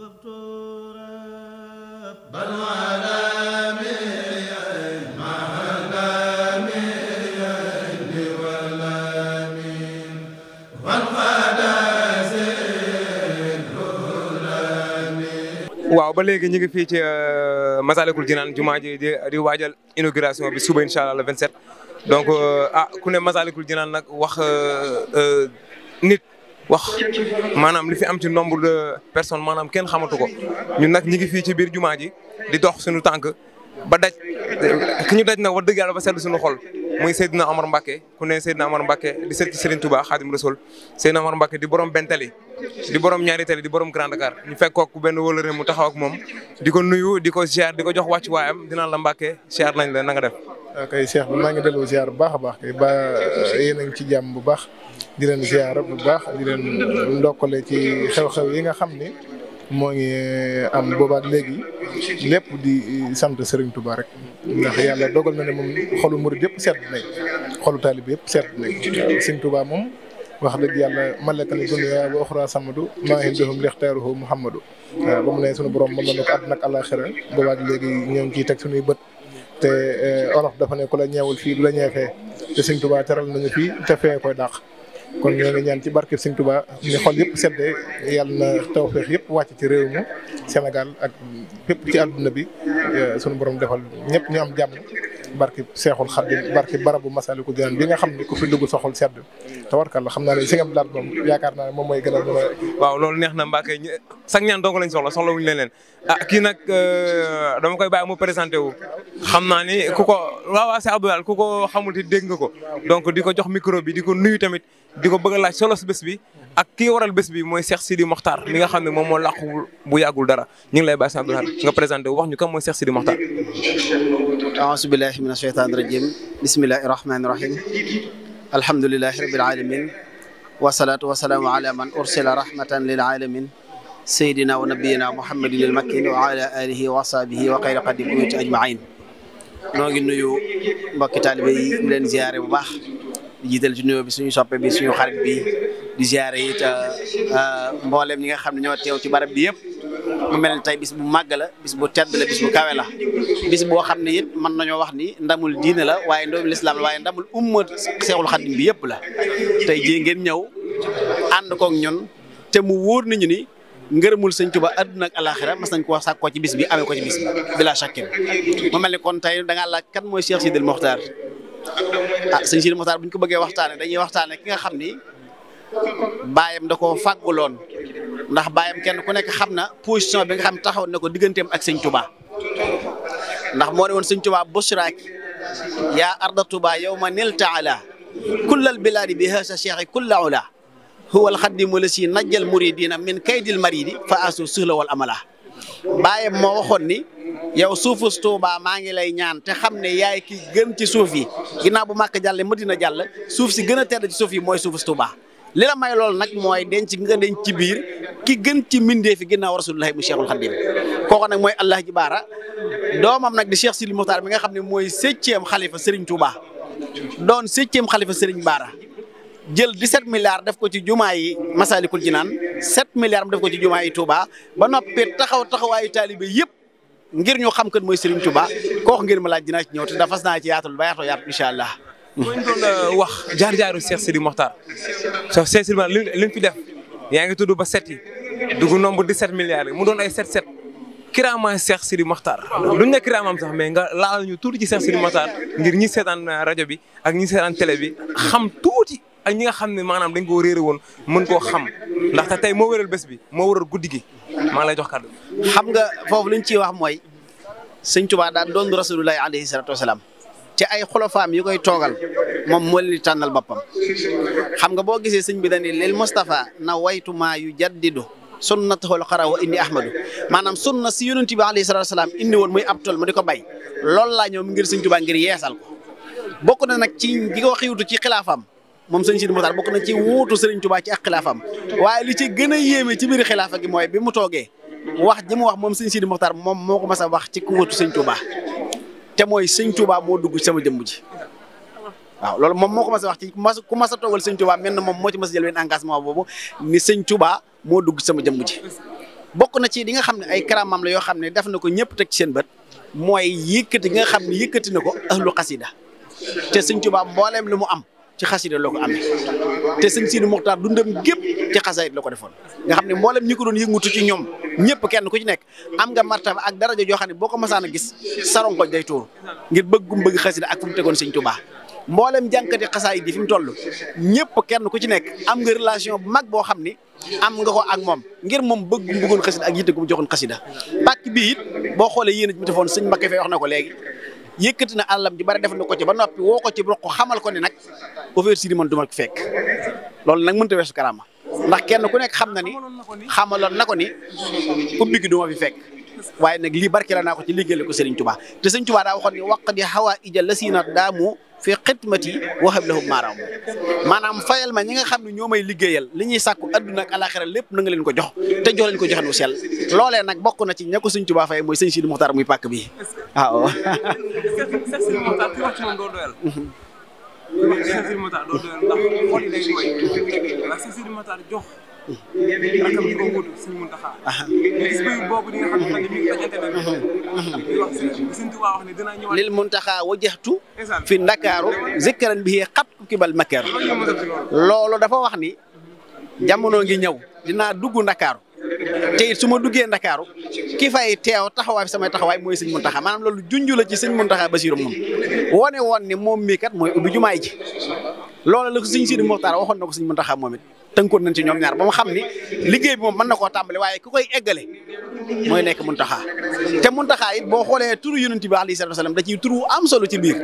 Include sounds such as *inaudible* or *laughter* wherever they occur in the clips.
waaw ba léegi ñu ngi fii ci Masalikul Jinaan jumaa ji di waajal inauguration bi suba incha allah le 27 donc ah ku ne Masalikul Jinaan nag wax nit wax maanaam li fi am ci nombre de personnes maanaam kenn xamatu ko ñun nag ñi ngi fii ci biir jumaa ji di dox sunu tànk ba daj ki ñu daj nag wax dëgg yàlla ba sedd suñu xol muy na amar Mbacké ku ne Seydina Omar Mbacké di sët ci Serigne Touba Khadim Rasoul Seydina Omar Mbacké di borom benn tali di borom ñaari tali di borom Grand Dakar ñu fekk ko benn wóolare mu taxaw ak moom di ko nuyu di ko ziar di ko jox wàccuwaayam dinaan la Mbacké ziar nañ la nanga nga def kay Cheikh bi maa ngi delloo ziar bu baax a baax kay ba eh, yéen ci jàmm bu baax di leen ziar bu baax di leen ndokkale ci xew-xew yi nga xam ni moo ngi eh, am boobaat léegi lépp di eh, sant Serigne Touba rek ndax yàlla dogal na ne moom xolu murid yëpp sedd nañ xolu taalib yëpp sedd nañ Serigne Touba moom wax dëgg yàlla malaka la dunya wa uxra maa indahum lixtaaruhu Muhammadu waaw ba mu ne sunu borom mën na ko àdduna ak àllaaxira boobaat léegi ñoo ngi ciy teg sunuy bët. te eh, olof dafa ne ku la ñeewul fii du la ñeefee te sëñ Touba teral nañu fi te fee koy dàq kon ñoo ngi ñaan ci barke sëñ Touba ni xol yëpp seddee yàlla na tawféex yëpp wàcc ci réew mi Sénégal ak fépp ci àdduna bi eh, sunu borom defal ñëpp ñu am jàmm. barki seexul xadim barki barabu masaliku dinaan bi nga xam ne ku fi dugg soxol sedd te warkal la xam naa ne si nga laat moom yaakaar naa ne moom mooy gën a mën a waaw loolu neex na Mbacke sax ñaan dong lañ soxla soxla wuñu leneen ah kii nag euh, dama koy bàyyi mu présenté wu xam ni ku waaw waaw Cheikh Abdou Lahad xamul ti dégg nga ko donc di jox micro bi di nuyu tamit diko ko bëgg a laaj solo bés bi ak ki waral bés bi mooy Cheikh Sidi Mokhtar mi nga xam ne moom moo làqu bu yàggul dara ñu ngi lay bàyyi Abdou Lahad nga présenté wax ñu kan mooy Cheikh Sidi Mokhtar. aouzu billahi mina shaytaani rajim bismillahi rahmaani rahim alhamdulilahi rabbil alamin wasalaatu wasalaamu ala man ursila rahmatan lil alamin sayidina wa nabiyina muhammadin il makkin wa ala alihi wa ashabihi wa ngi nuyu mbokki taalibe yi leen ziyaare bu baax bi suñu soppe bi suñu xarit bi di ziare it uh, uh, mboolem ñi nga xam ne ñoo teew ci barab bi yëpp mu mel ne tey bis bu màgg la bis bu tedd la bis bu kawe la bis boo xam ne it man nañoo wax ni ndamul diine la waaye ndamul islam la waaye ndamul umma seexul xadim bi yëpp la tey jii ngeen ñëw ànd koog ñun te mu wóor nañu ni ngërëmul sëñ Tuba àdduna ak alaxira mas nañ ko wax sàkkoo ci bis bi amee ko ci bis bi bila shakkin mu mel ne kon tey da laaj kan mooy Cheikh Sidil Mokhtar ah sëñ Sidil Mokhtar bu baayam da koo fàgguloon ndax baayam kenn ku nekk xam na position bi nga xam taxaw na ko digganteem ak sëñ Touba ndax moo ne woon sëñ Touba busraaki yaa arda Touba yow ma nil taala kullal bilaadi bi haasa cheikhi kulla ula huwa alxadimu la si najjal muridina min kaydil maridi fa asu suhla wal amala baayam moo waxoon ni yow suufu Touba maa ngi lay ñaan te xam ne yaay ki gën ci suuf gi ginnaaw bu màkk jàlle Madina jàll suuf si gën a tedd ci yi mooy suufu li la may loolu nag mooy denc nga denc ci biir ki gën ci mbindee fi ginnaaw rasulullahi mu cheikhul xadim kooku nag mooy allah ji baara doomam nag di cheikh Sidi Muxtaar mi nga xam ne mooy septième xalifa Serigne Touba doon septième xalifa Serigne Baara jël 17 milliards def ko ci jumaa yi Masalikul Jinaan 7 milliards mu def ko ci jumaa yi Touba ba noppi taxaw taxawaayu taalibe yëpp ngir ñu xam kan mooy Serigne Touba kooku ngir ma laaj dinaa ñëw te dafa fas naa ci yaatul ba yaatoo yaatu incha allah. mooy ñu doon euh, wax jaar-jaaru Cheikh Sidi Mokhtar Cheikh Sidi Mokhtar li mu fi def yaa ngi tudd ba set yi dugg nombre 17 milliards yi mu doon ay set set kiraama Cheikh Sidi Mokhtar duñ ne kiraamaam sax mais nga laal ñu tuuti ci Cheikh Sidi Mokhtar ngir ñi seetaan euh, rajo bi ak ñi an télé bi xam tuuti ak ñi nga xam ne maanaam dañ koo réere woon mën koo xam ndaxte tey moo wéral bés bi moo wéral guddi gi maa ngi lay jox kàddu xam nga foofu liñ ciy wax mooy sëñ Tuubaa daan doon rasulullahi alayhi salatu wasalaam ci ay xolofaam yu koy toogal moom moo leen tànnal boppam xam nga boo gisee sëñ bi dañuy lil Moustapha na waytu waytumaa yu jaddidu sunnatahul xara wa indi ahmadu maanaam sunna si yonent bi alayhi salaatu salaam indi woon muy ab tool mu di ko bay loolu laa ñoom ngir sëñ Tuubaa ngir yeesal ko bokk na nag ci gi ko xiwtu ci xilaafam moom sëñ Sidi Muxtaar bokk na ci wuutu sëriñ Tuubaa ci ak xilaafam waaye li ci gën a yéeme ci biir xilaafa gi mooy bi mu toogee wax ji mu wax moom sëñ Sidi Muxtaar moom moo ko mas a wax ci ku wuutu sëñ Tuubaa te mooy sëñ Touba moo dugg sama jëmm ji waaw loolu moom moo ko mas wax ci ku mas a toogal sëñ Touba mel na moom moo ci mas a jël benn engagement boobu ni sëñ Touba moo dugg sama jëmm ji. bokk na ci li nga xam ne ay karamam la yoo xam ne daf na ko ñëpp teg ci seen bët mooy yëkkati nga xam ne yëkkati na ko ahlu xasida te sëñ Touba mbooleem la mu am. ci xasida la ko amee te sëñ Sidi Mokhtar dundam gépp ci xasaayit la ko defoon nga xam ne mboolem ñi ko doon yëngutu ci ñoom ñëpp kenn ku ci nekk am nga martaba ak daraja joo xam ne boo ko masaan a gis saron ko day tuur ngir bëggum bëgg xasida ak fu mu tegoon sëñ Tuubaa mboolem jànkati xasaayit yi fi mu toll ñëpp kenn ku ci nekk am nga relation bu mag boo xam ni am nga ko ak moom ngir moom bëggum bëggoon xasida ak yitte gu mu joxoon xasida pàcc bi it boo xoolee yéen a defoon sëñ Mbakke fee wax na ko léegi yëkkati na àllam ji bari def na ko ci ba noppi woo ko ci bokk xamal ko ne nag ouverture yi man du ma ko fekk loolu nag mënut a weesu karaama ndax kenn ku nekk xam na ni xamaloon na ko ni ubbi gi du ma fi fekk waaye nag lii barke la naa ko ci liggéeyal ko Serigne Touba te Serigne Touba daa waxoon ni waq di la siinat daamu fi xidmati wa hablahum maaraam maanaam fayal ma ñi nga xam ne ñoo may liggéeyal li ñuy sàkku àdduna ak alaxira lépp na nga leen ko jox te jox leen ko joxen wu sell loolee nag bokk ci ña ko sëñ Tuubaa fay mooy sëñ Sidi Muxtaar muy pàkk bi waaw waaw akam mun wut suñu Muntaxa bis fi Ndakaaru zikran bihi xat ku kibal makar loolu dafa wax ni jamono ngi ñëw dinaa dugg Ndakaaru te su ma duggee Ndakaaru ki fay teew taxawaay bi samay taxawaay mooy sëñ Muntaxa maanaam loolu junj la ci sëñ Muntaxa Basiru moom wone woon ne moom mii kat mooy ubbi jumaay ji loola la ko sëñ Sidi Moxtaar waxoon na ko sëñ Muntaxa moom it tënkoon nañ ci ñoom ñaar ba mu xam ni liggéey bi moom mën na koo tàmbali waaye ku koy eggale mooy nekk Muntaxa te Muntaxa it boo xoolee turu yonent bi alayhi salaatu wasalaam da ciy turu am solo ci biir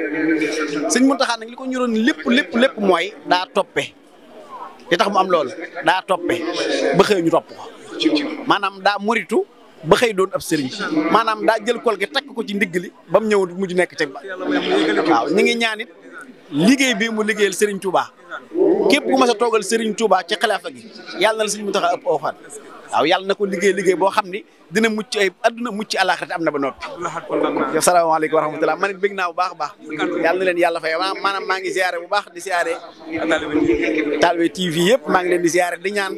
sëñ Muntaxa nag li ko ñoroon lépp lépp lépp mooy daa toppe li tax mu am loolu daa toppe ba xëy ñu topp ko maanaam daa muritu ba xëy doon ab sëriñ maanaam daa jël kol gi takk ko ci ndigg li ba mu ñëw mujj nekk ca waaw ñu ngi ñaan it liggéey bi mu liggéeyal Serigne Touba képp ku ma sa toogal Serigne Touba ci xilaafa gi yàlla na la Serigne Mountakha ëpp aw fan waaw yàlla na ko liggéey liggéey boo xam ni dina mucc ay adduna mucc àllaaxira am na ba noppi. asalaamaaleykum wa rahmatulah man it bëgg naa bu baax a baax. yàlla na leen yàlla fay maanaam maa ngi ziare bu baax di ziare. Talibé TV yëpp maa ngi leen di ziare di ñaan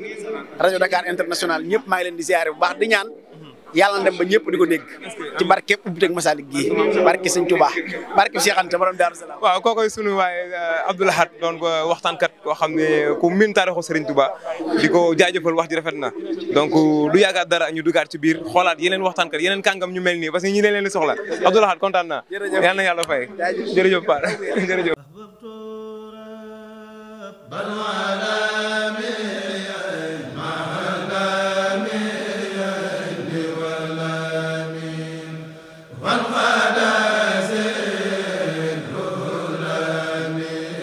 rajo Dakar international ñëpp maa ngi leen di ziare bu baax di ñaan. yàlla na dem ba ñëpp di ko dégg ci barke ubbi teg Masalik gii barke sëñ Tuubaa barke Cheikh Anta borom Daaru Salaam waaw kookoy sunu waaye eh, Abdou Lahad doon ko waxtaankat koo xam ne ku min taarixu Sëriñ Tuubaa di ko jaajëfal wax ji rafet na donc du yaakaar dara ñu dugaat ci biir xoolaat yeneen waxtaankat yeneen kàngam ñu mel nii parce que ñi leen soxla Abdou kontaan naa yal na yàlla fay jërëjëf Paar *laughs*